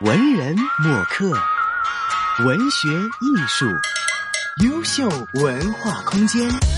文人墨客，文學藝術，優秀文化空間。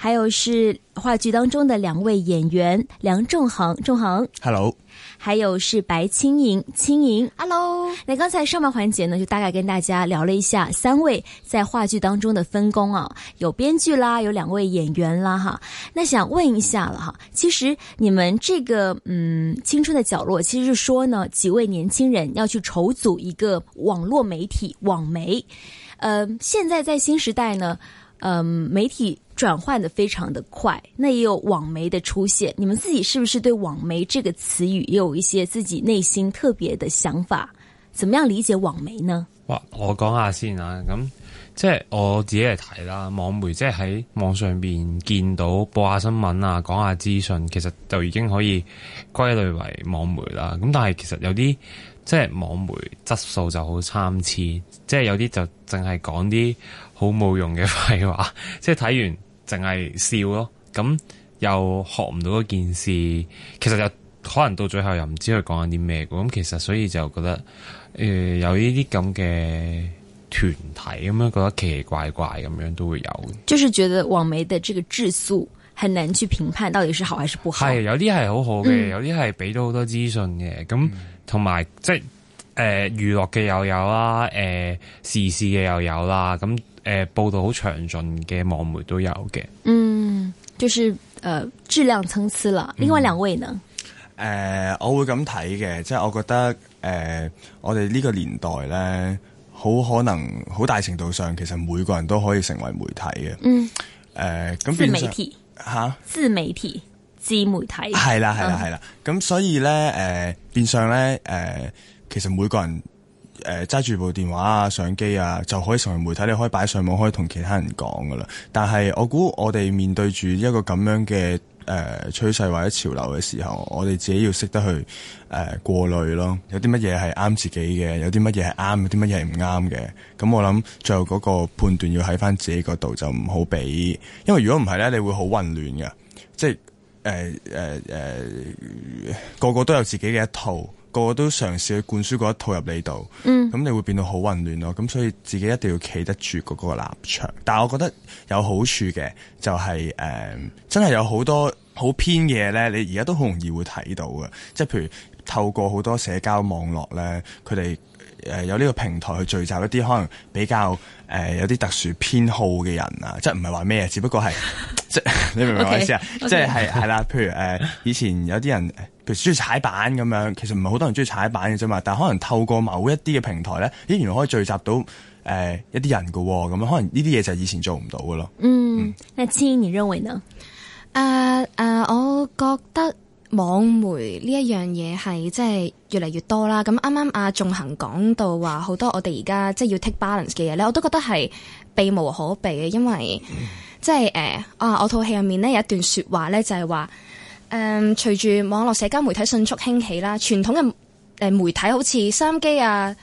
還有是話劇當中的兩位演員梁仲恒、仲恒，Hello。還有是白青盈、青盈，Hello。那剛才上半環節呢，就大概跟大家聊了一下三位在話劇當中的分工啊，有編劇啦，有兩位演員啦，哈。那想問一下了哈，其實你們這個嗯青春的角落，其實是說呢，幾位年輕人要去籌組一個網絡媒體網媒，嗯、呃，現在在新時代呢。嗯，媒體轉換得非常的快，那也有網媒的出現。你們自己是不是對網媒這個詞語也有一些自己內心特別的想法？怎麼樣理解網媒呢？哇，我講下先啊，咁、嗯、即係我自己嚟睇啦。網媒即係喺網上邊見到播下新聞啊，講下資訊，其實就已經可以歸類為網媒啦。咁、嗯、但係其實有啲即係網媒質素素就好參差，即係有啲就淨係講啲。好冇用嘅廢話，即係睇完淨係笑咯，咁又學唔到一件事，其實又可能到最後又唔知佢講緊啲咩嘅，咁其實所以就覺得誒、呃、有呢啲咁嘅團體咁樣覺得奇奇怪怪咁樣都會有，就是覺得網媒嘅這個質素很難去評判到底是好還是不好，係有啲係好好嘅，有啲係俾到好多資訊嘅，咁同埋即係。誒，娛樂嘅又有啦，誒、呃，時事嘅又有啦，咁、呃、誒，報道好詳盡嘅網媒都有嘅。嗯，就是誒、呃，質量參差啦。嗯，另外兩位呢？誒、呃，我會咁睇嘅，即、就、係、是、我覺得，誒、呃，我哋呢個年代咧，好可能好大程度上，其實每個人都可以成為媒體嘅。嗯。誒、呃，咁自媒體吓，自媒體，哈自媒體係啦，係啦，係啦。咁、嗯啊，所以咧，誒、呃，變相咧，誒、呃。其實每個人誒揸住部電話啊、相機啊，就可以成為媒體。你可以擺上網，可以同其他人講噶啦。但係我估我哋面對住一個咁樣嘅誒趨勢或者潮流嘅時候，我哋自己要識得去誒、呃、過濾咯。有啲乜嘢係啱自己嘅，有啲乜嘢係啱，有啲乜嘢係唔啱嘅。咁、嗯、我諗最後嗰個判斷要喺翻自己角度，就唔好俾。因為如果唔係咧，你會好混亂噶。即係誒誒誒，個個都有自己嘅一套。個個都嘗試去灌輸嗰一套入你度，咁、嗯、你會變到好混亂咯。咁所以自己一定要企得住嗰個立場。但係我覺得有好處嘅就係、是、誒、嗯，真係有好多好偏嘅嘢咧。你而家都好容易會睇到嘅，即係譬如透過好多社交網絡咧，佢哋誒有呢個平台去聚集一啲可能比較誒、呃、有啲特殊偏好嘅人啊。即係唔係話咩？只不過係即 你明唔明我意思啊？即係係係啦。譬如誒，以前有啲人。譬如中意踩板咁樣，其實唔係好多人中意踩板嘅啫嘛。但係可能透過某一啲嘅平台咧，依然可以聚集到誒、呃、一啲人嘅喎。咁樣可能呢啲嘢就係以前做唔到嘅咯。嗯，阿千、嗯，see, 你認為呢？誒誒，我覺得網媒呢一樣嘢係即係越嚟越多啦。咁啱啱阿仲恒講到話好多我哋而家即係要 take balance 嘅嘢咧，我都覺得係避無可避嘅，因為、mm. 即係誒、uh, 啊，我套戲入面咧有一段説話咧，就係話。誒，隨住、嗯、網絡社交媒體迅速興起啦，傳統嘅誒媒體好似收音機啊、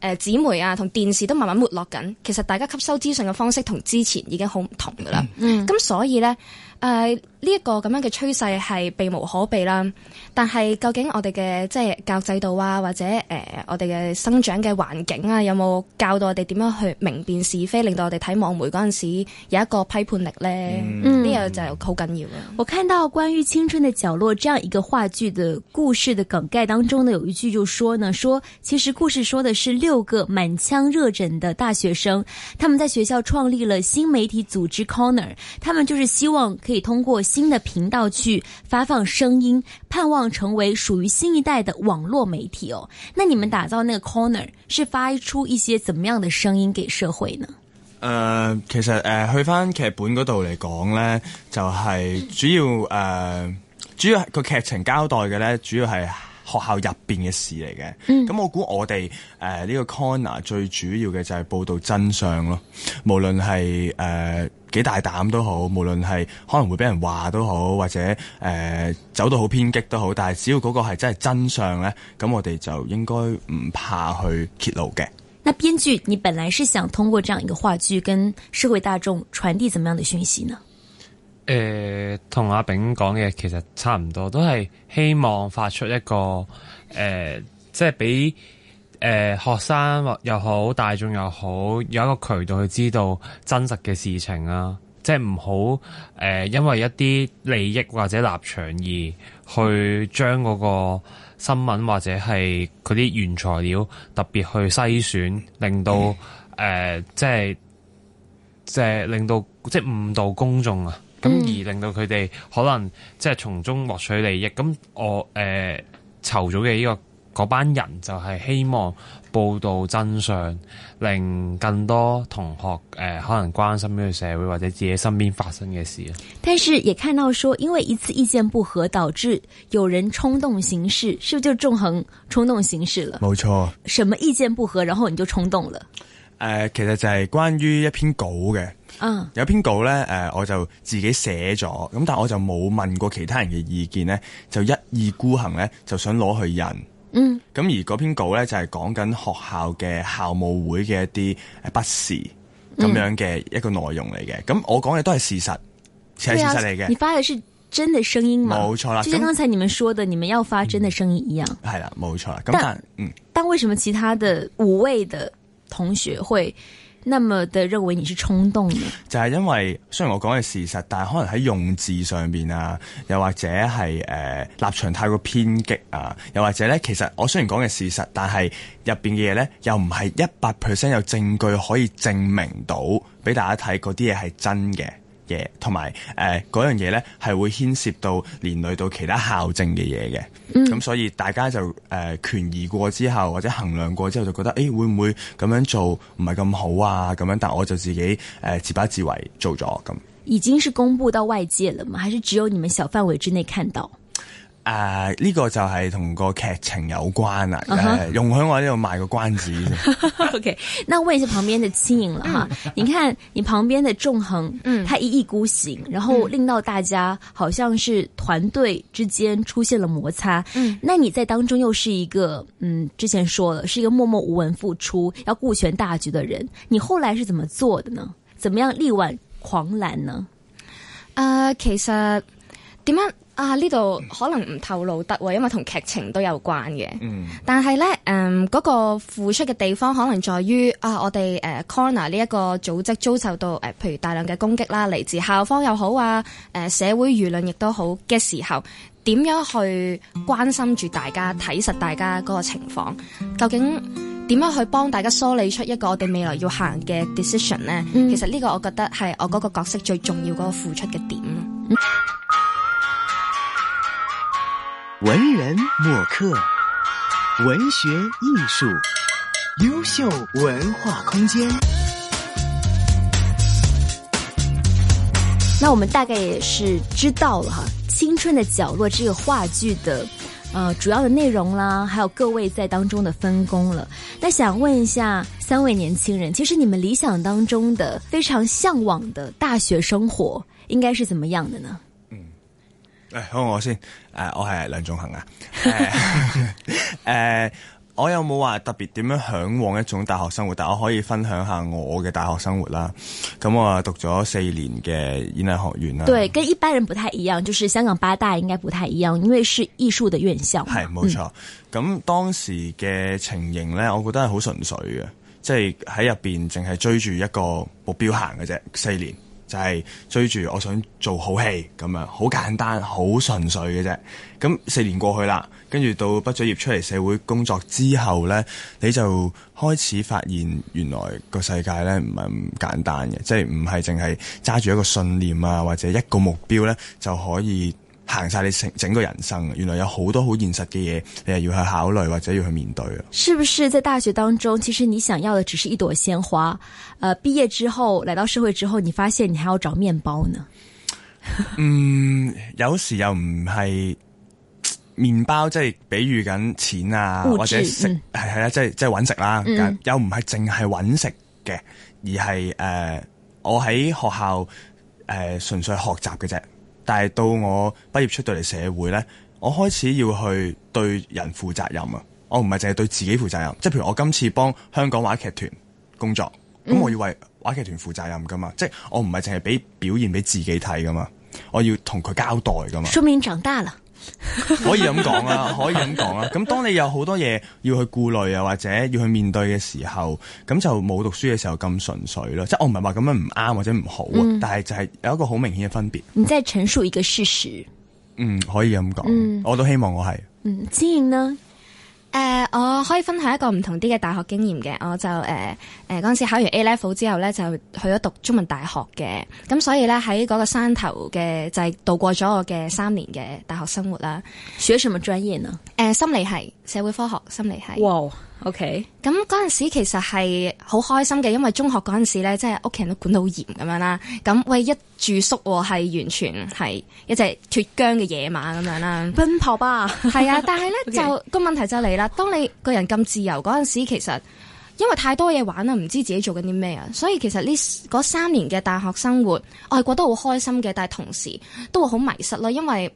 誒紙媒啊同電視都慢慢沒落緊。其實大家吸收資訊嘅方式同之前已經好唔同㗎喇。咁、嗯、所以呢。誒，呢一、呃，這個咁樣嘅趨勢係避無可避啦。但係究竟我哋嘅即係教育制度啊，或者誒、呃、我哋嘅生長嘅環境啊，有冇教到我哋點樣去明辨是非，令到我哋睇網媒嗰陣時有一個批判力呢？呢個、嗯、就係好緊要嘅。我看到關於《青春的角落》這樣一個話劇的故事的梗概當中呢，有一句就說呢，說其實故事說的是六個滿腔熱忱的大學生，他們在學校創立了新媒體組織 Corner，他們就是希望。可以通過新的頻道去發放聲音，盼望成為屬於新一代的網絡媒體哦。那你們打造那個 corner 是發出一些怎麼樣的聲音給社會呢？誒、呃，其實誒，去翻劇本嗰度嚟講咧，就係、是、主要誒、呃，主要個劇情交代嘅咧，主要係。學校入邊嘅事嚟嘅，咁、嗯、我估我哋誒呢個 corner 最主要嘅就係報道真相咯，無論係誒幾大膽都好，無論係可能會俾人話都好，或者誒、呃、走到好偏激都好，但係只要嗰個係真係真相咧，咁我哋就應該唔怕去揭露嘅。那編劇，你本來是想通過這樣一個話劇，跟社會大眾傳遞怎麼樣的訊息呢？誒，同、呃、阿炳講嘅其實差唔多，都係希望發出一個誒、呃，即係俾誒學生或又好大眾又好有一個渠道去知道真實嘅事情啊！即係唔好誒，因為一啲利益或者立場而去將嗰個新聞或者係嗰啲原材料特別去篩選，令到誒、嗯呃，即係即係令到即係誤導公眾啊！咁、嗯、而令到佢哋可能即係從中獲取利益。咁我誒籌組嘅呢個嗰班人就係希望報道真相，令更多同學誒、呃、可能關心呢個社會或者自己身邊發生嘅事。啊，但是也看到說，因為一次意見不合導致有人衝動行事，是不是就縱橫衝動行事了？冇錯。什麼意見不合，然後你就衝動了？誒、呃，其實就係關於一篇稿嘅。嗯，uh, 有篇稿咧，誒、呃，我就自己寫咗，咁但係我就冇問過其他人嘅意見咧，就一意孤行咧，就想攞去印。嗯，咁而嗰篇稿咧就係講緊學校嘅校務會嘅一啲不是咁樣嘅一個內容嚟嘅。咁、嗯、我講嘅都係事實，係事實嚟嘅、啊。你發嘅係真嘅聲音冇錯啦，即係剛才你們說的，嗯、你們要發真的聲音一樣。係、嗯、啦，冇錯啦。咁但嗯，但為什麼其他的五位的同學會？那麼的認為你是衝動嘅，就係因為雖然我講嘅事實，但係可能喺用字上邊啊，又或者係誒、呃、立場太過偏激啊，又或者咧，其實我雖然講嘅事實，但係入邊嘅嘢咧，又唔係一百 percent 有證據可以證明到俾大家睇嗰啲嘢係真嘅。嘢，同埋誒嗰樣嘢咧，係會牽涉到連累到其他校正嘅嘢嘅。咁、嗯嗯、所以大家就誒、呃、權宜過之後，或者衡量過之後，就覺得誒、欸、會唔會咁樣做唔係咁好啊？咁樣，但我就自己誒、呃、自把自為做咗咁。已經是公布到外界啦嗎？還是只有你們小範圍之內看到？誒，呢、uh, 個就係同個劇情有關啦、啊，uh huh. 用喺我呢度賣個關子。O K，那問一下旁邊的青了哈， 你看你旁邊的縱橫，嗯，他一意孤行，然後令到大家好像是團隊之間出現了摩擦。嗯， 那你在當中又是一個，嗯，之前說了，是一個默默無聞付出、要顧全大局的人，你後來是怎麼做的呢？怎麼樣力挽狂瀾呢？誒， uh, 其實點樣？啊！呢度可能唔透露得，因為同劇情都有關嘅、嗯。嗯。但係呢，誒，嗰個付出嘅地方可能在於啊，我哋誒 Corner 呢一個組織遭受到誒、啊，譬如大量嘅攻擊啦，嚟自校方又好啊，誒，社會輿論亦都好嘅時候，點樣去關心住大家，睇實大家嗰個情況，究竟點樣去幫大家梳理出一個我哋未來要行嘅 decision 呢？嗯、其實呢個我覺得係我嗰個角色最重要嗰個付出嘅點。嗯文人墨客，文學藝術，優秀文化空間。那我們大概也是知道了哈，青春的角落這個話劇的，呃，主要的內容啦，還有各位在當中的分工了。那想問一下三位年輕人，其實你們理想當中的非常向往的大學生活應該是怎麼樣的呢？誒、哎，好，我先。誒、呃，我係梁仲恒啊。誒、呃 呃，我有冇話特別點樣向往一種大學生活，但我可以分享下我嘅大學生活啦。咁我啊讀咗四年嘅演藝學院啦。對，跟一般人不太一樣，就是香港八大應該不太一樣，因為是藝術的院校。係、嗯，冇錯。咁當時嘅情形咧，我覺得係好純粹嘅，即係喺入邊淨係追住一個目標行嘅啫，四年。就係追住我想做好戲咁樣，好簡單，好純粹嘅啫。咁四年過去啦，跟住到畢咗業出嚟社會工作之後呢，你就開始發現原來個世界呢唔係咁簡單嘅，即係唔係淨係揸住一個信念啊或者一個目標呢就可以。行晒你成整個人生，原來有好多好現實嘅嘢，你係要去考慮或者要去面對啊！是不是在大學當中，其實你想要嘅只是一朵鮮花？誒，畢業之後來到社會之後，你發現你還要找麵包呢？嗯，有時又唔係麵包，即係比喻緊錢啊，或者食係啦，即係即係搵食啦，又唔係淨係搵食嘅，而係誒，我喺學校誒純粹學習嘅啫。但係到我畢業出到嚟，社會呢，我開始要去對人負責任啊！我唔係淨係對自己負責任，即係譬如我今次幫香港話劇團工作，咁、嗯、我要為話劇團負責任噶嘛？即係我唔係淨係俾表現俾自己睇噶嘛？我要同佢交代噶嘛？嗯、長大啦。 可以咁講啦，可以咁講啦。咁當你有好多嘢要去顧慮，又或者要去面對嘅時候，咁就冇讀書嘅時候咁純粹咯。即係我唔係話咁樣唔啱或者唔好，嗯、但係就係有一個好明顯嘅分別。你即係陳述一個事實，嗯，可以咁講，嗯、我都希望我係。嗯，之影呢。誒、呃，我可以分享一個唔同啲嘅大學經驗嘅，我就誒誒嗰陣時考完 A level 之後咧，就去咗讀中文大學嘅，咁所以咧喺嗰個山頭嘅就係、是、度過咗我嘅三年嘅大學生活啦。選咗什麼專業啊？誒、呃，心理系，社會科學，心理系。Wow. O K，咁嗰陣時其實係好開心嘅，因為中學嗰陣時咧，即係屋企人都管得好嚴咁樣啦。咁、嗯、喂，一住宿係完全係一隻脫韁嘅野馬咁樣啦，奔婆吧，係啊。但係咧 Okay. 就個問題就嚟啦，當你個人咁自由嗰陣時，其實因為太多嘢玩啦，唔知自己做緊啲咩啊。所以其實呢三年嘅大學生活，我係覺得好開心嘅，但係同時都會好迷失咯，因為，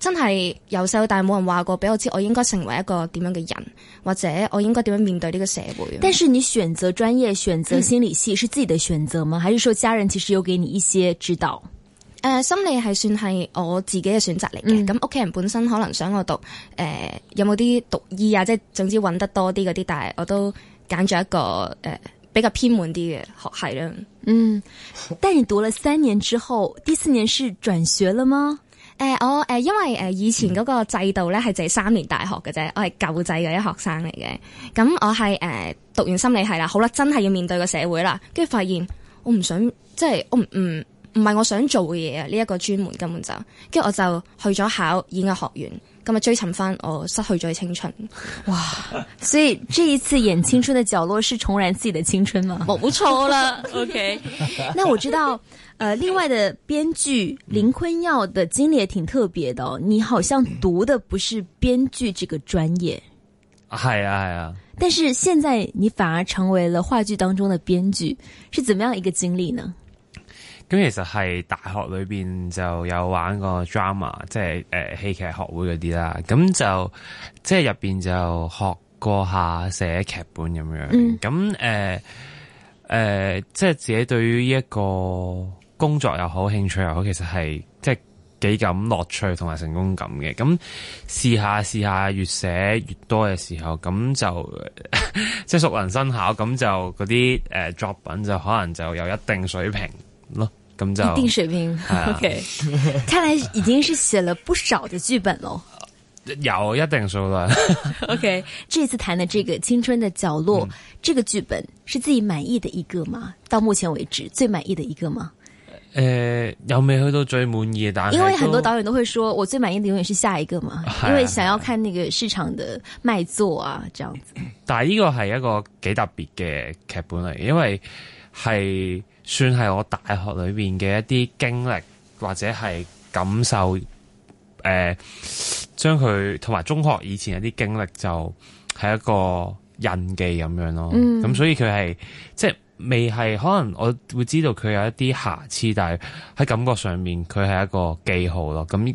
真係由細到大冇人話過，俾我知我應該成為一個點樣嘅人，或者我應該點樣面對呢個社會。但是你選擇專業選擇心理係、嗯、是自己嘅選擇嗎？還是說家人其實有給你一些指導？誒、呃，心理係算係我自己嘅選擇嚟嘅。咁屋企人本身可能想我讀誒、呃，有冇啲讀醫啊？即係總之揾得多啲嗰啲。但係我都揀咗一個誒、呃、比較偏門啲嘅學係啦。嗯，但係你讀了三年之後，第四年是轉學了嗎？誒、呃，我誒、呃，因為誒、呃、以前嗰個制度咧係就係三年大學嘅啫，我係舊制嘅一學生嚟嘅，咁我係誒、呃、讀完心理系啦，好啦，真係要面對個社會啦，跟住發現我唔想，即係我唔唔唔係我想做嘅嘢啊，呢、這、一個專門根本就，跟住我就去咗考演藝學院，咁咪追尋翻我失去咗嘅青春， 哇！所以這一次演青春的角落是重燃自己嘅青春嗎？冇錯 啦 ，OK。嗱我知道。誒，uh, 另外的編劇林坤耀的經歷也挺特別的，哦，你好像讀的不是編劇這個專業，係啊，係啊， 但是現在你反而成為了話劇當中的編劇，是怎麼樣一個經歷呢？咁、嗯、其實係大學裏邊就有玩過 drama，即係誒戲劇學會嗰啲啦，咁就即係入邊就學過下寫劇本咁樣，咁誒誒，即係自己對於一個。工作又好，興趣又好，其實係即係幾感樂趣同埋成功感嘅。咁試下試下，越寫越多嘅時候，咁就即係 熟能生巧，咁就嗰啲誒作品就可能就有一定水平咯。咁就一定水平。O K，看來已經是寫了不少嘅劇本咯， 有一定數量。 o、okay. K，這次談的這個青春的角落，嗯、這個劇本是自己滿意的一個嗎？到目前為止最滿意的一個嗎？誒、呃，又未去到最滿意嘅，但因為很多導演都會說， 我最滿意的永遠是下一個嘛，因為想要看那個市場的賣座啊，這樣子。 但係呢個係一個幾特別嘅劇本嚟，因為係算係我大學裏邊嘅一啲經歷或者係感受，誒、呃，將佢同埋中學以前一啲經歷就係一個印記咁樣咯。咁、嗯、所以佢係即係。未係可能，我會知道佢有一啲瑕疵，但係喺感覺上面，佢係一個記號咯。咁。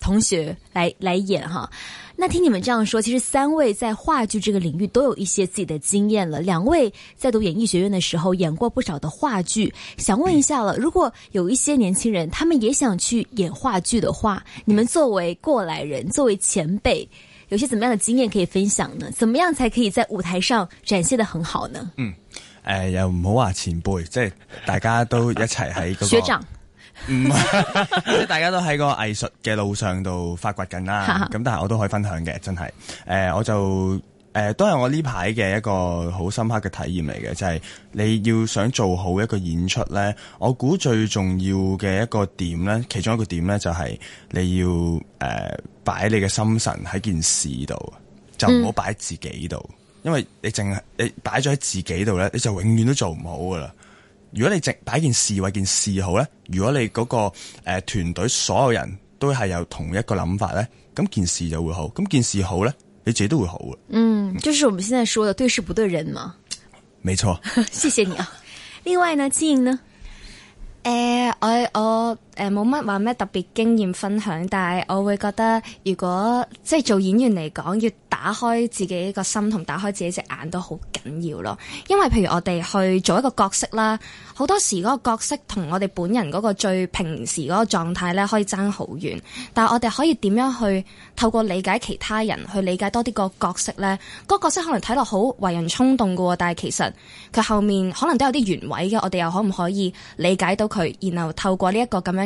同學來來演哈，那聽你們這樣說，其實三位在話劇這個領域都有一些自己的經驗了。兩位在讀演藝學院的時候演過不少的話劇，想問一下了，如果有一些年輕人他們也想去演話劇的話，你們作為過來人，作為前輩，有些怎麼樣的經驗可以分享呢？怎麼樣才可以在舞台上展現得很好呢？嗯，誒、呃，又唔好話前輩，即大家都一齊喺嗰、那個學長。唔，係 大家都喺個藝術嘅路上度發掘緊啦。咁 但係我都可以分享嘅，真係。誒、呃，我就誒、呃，都係我呢排嘅一個好深刻嘅體驗嚟嘅，就係、是、你要想做好一個演出咧，我估最重要嘅一個點咧，其中一個點咧就係你要誒，擺、呃、你嘅心神喺件事度，就唔好擺喺自己度，嗯、因為你淨係你擺咗喺自己度咧，你就永遠都做唔好噶啦。如果你淨擺件事為件事好咧，如果你嗰個誒團隊所有人都係有同一個諗法咧，咁件事就會好，咁件事好咧，你自己都會好嘅。嗯，就是我們現在說的對事不對人嘛。沒錯， 謝謝你啊。 另外呢，青盈呢，誒，我，我誒，冇乜話咩特別經驗分享，但係我會覺得，如果即係做演員嚟講，要打開自己個心同打開自己隻眼都好緊要咯。因為譬如我哋去做一個角色啦，好多時嗰個角色同我哋本人嗰個最平時嗰個狀態咧，可以爭好遠。但係我哋可以點樣去透過理解其他人，去理解多啲個角色呢？嗰個角色可能睇落好為人衝動噶，但係其實佢後面可能都有啲原委嘅。我哋又可唔可以理解到佢？然後透過呢一個咁樣，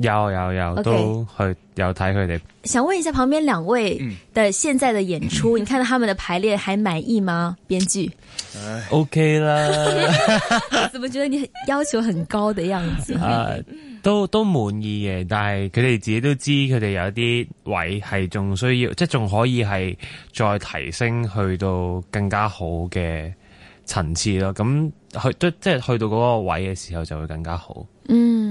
有有有，有 Okay. 都去有睇佢哋。想問一下旁邊兩位的現在的演出， 你看到他們的排練還滿意嗎？編劇、uh，OK 啦。 怎麼覺得你要求很高的樣子？Uh, 都都滿意嘅，但係佢哋自己都知，佢哋有啲位係仲需要，即係仲可以係再提升去到更加好嘅層次咯。咁去都即係去到嗰個位嘅時候就會更加好。嗯。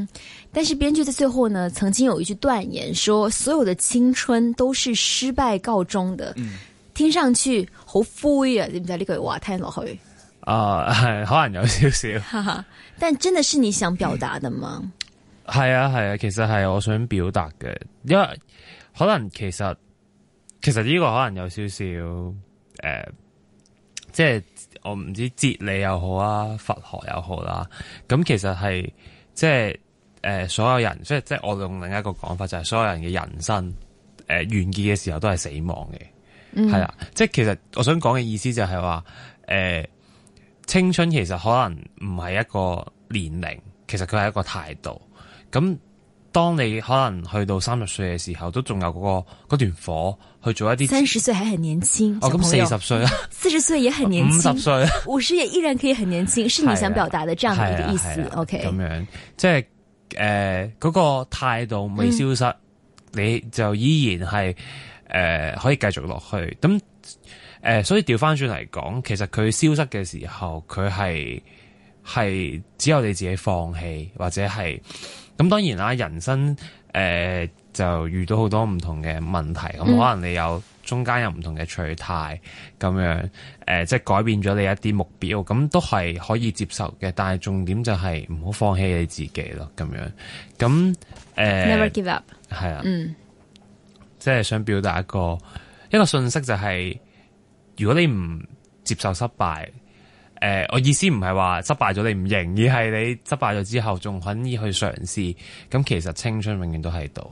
但是編劇在最後呢，曾經有一句斷言說，說所有的青春都是失敗告終的。嗯，聽上去好灰呀，是是啊，你唔知呢句話聽落去？啊，係可能有少少，但真的是你想表達的嗎？係、 嗯、 啊，係啊，啊，其實係我想表達嘅，因為可能其實其實呢個可能有少少，誒、呃，即係我唔知哲理又好啊，佛學又好啦，咁其實係即係。誒，所有人，即係即係我用另一個講法，就係、是、所有人嘅人生誒、呃、完結嘅時候都係死亡嘅，係啦、mm.。即係其實我想講嘅意思就係話，誒、呃，青春其實可能唔係一個年齡，其實佢係一個態度。咁當你可能去到三十歲嘅時候，都仲有嗰、那個段火去做一啲。三十歲還很年輕，咁四十歲啊，四十歲也很年輕，五十歲五十也依然可以很年輕，是你想表達的這樣的一個意思。啊啊、OK，咁樣即係。誒，嗰、呃那個態度未消失，嗯、你就依然係誒、呃、可以繼續落去。咁誒、呃，所以調翻轉嚟講，其實佢消失嘅時候，佢係係只有你自己放棄或者係咁。當然啦，人生誒、呃、就遇到好多唔同嘅問題，咁可能你有。嗯中間有唔同嘅取態，咁樣誒、呃，即係改變咗你一啲目標，咁都係可以接受嘅。但係重點就係唔好放棄你自己咯，咁樣咁誒，never give up，係啊，嗯，即係想表達一個一個信息、就是，就係如果你唔接受失敗，誒、呃，我意思唔係話失敗咗你唔贏，而係你失敗咗之後仲肯意去嘗試。咁其實青春永遠都喺度。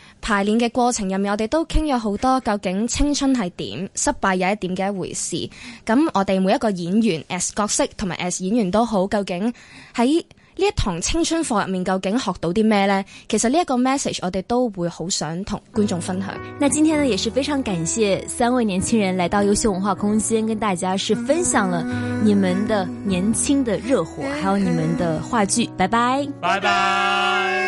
排練嘅過程入面，我哋都傾咗好多，究竟青春係點？失敗又係點嘅一回事？咁我哋每一個演員 S 角色同埋 S 演員都好，究竟喺呢一堂青春課入面，究竟學到啲咩呢？其實呢一個 message，我哋都會好想同觀眾分享。那今天呢，也是非常感謝三位年輕人來到優秀文化空間，跟大家是分享了你們的年輕的熱火，還有你們的話劇。拜拜，拜拜。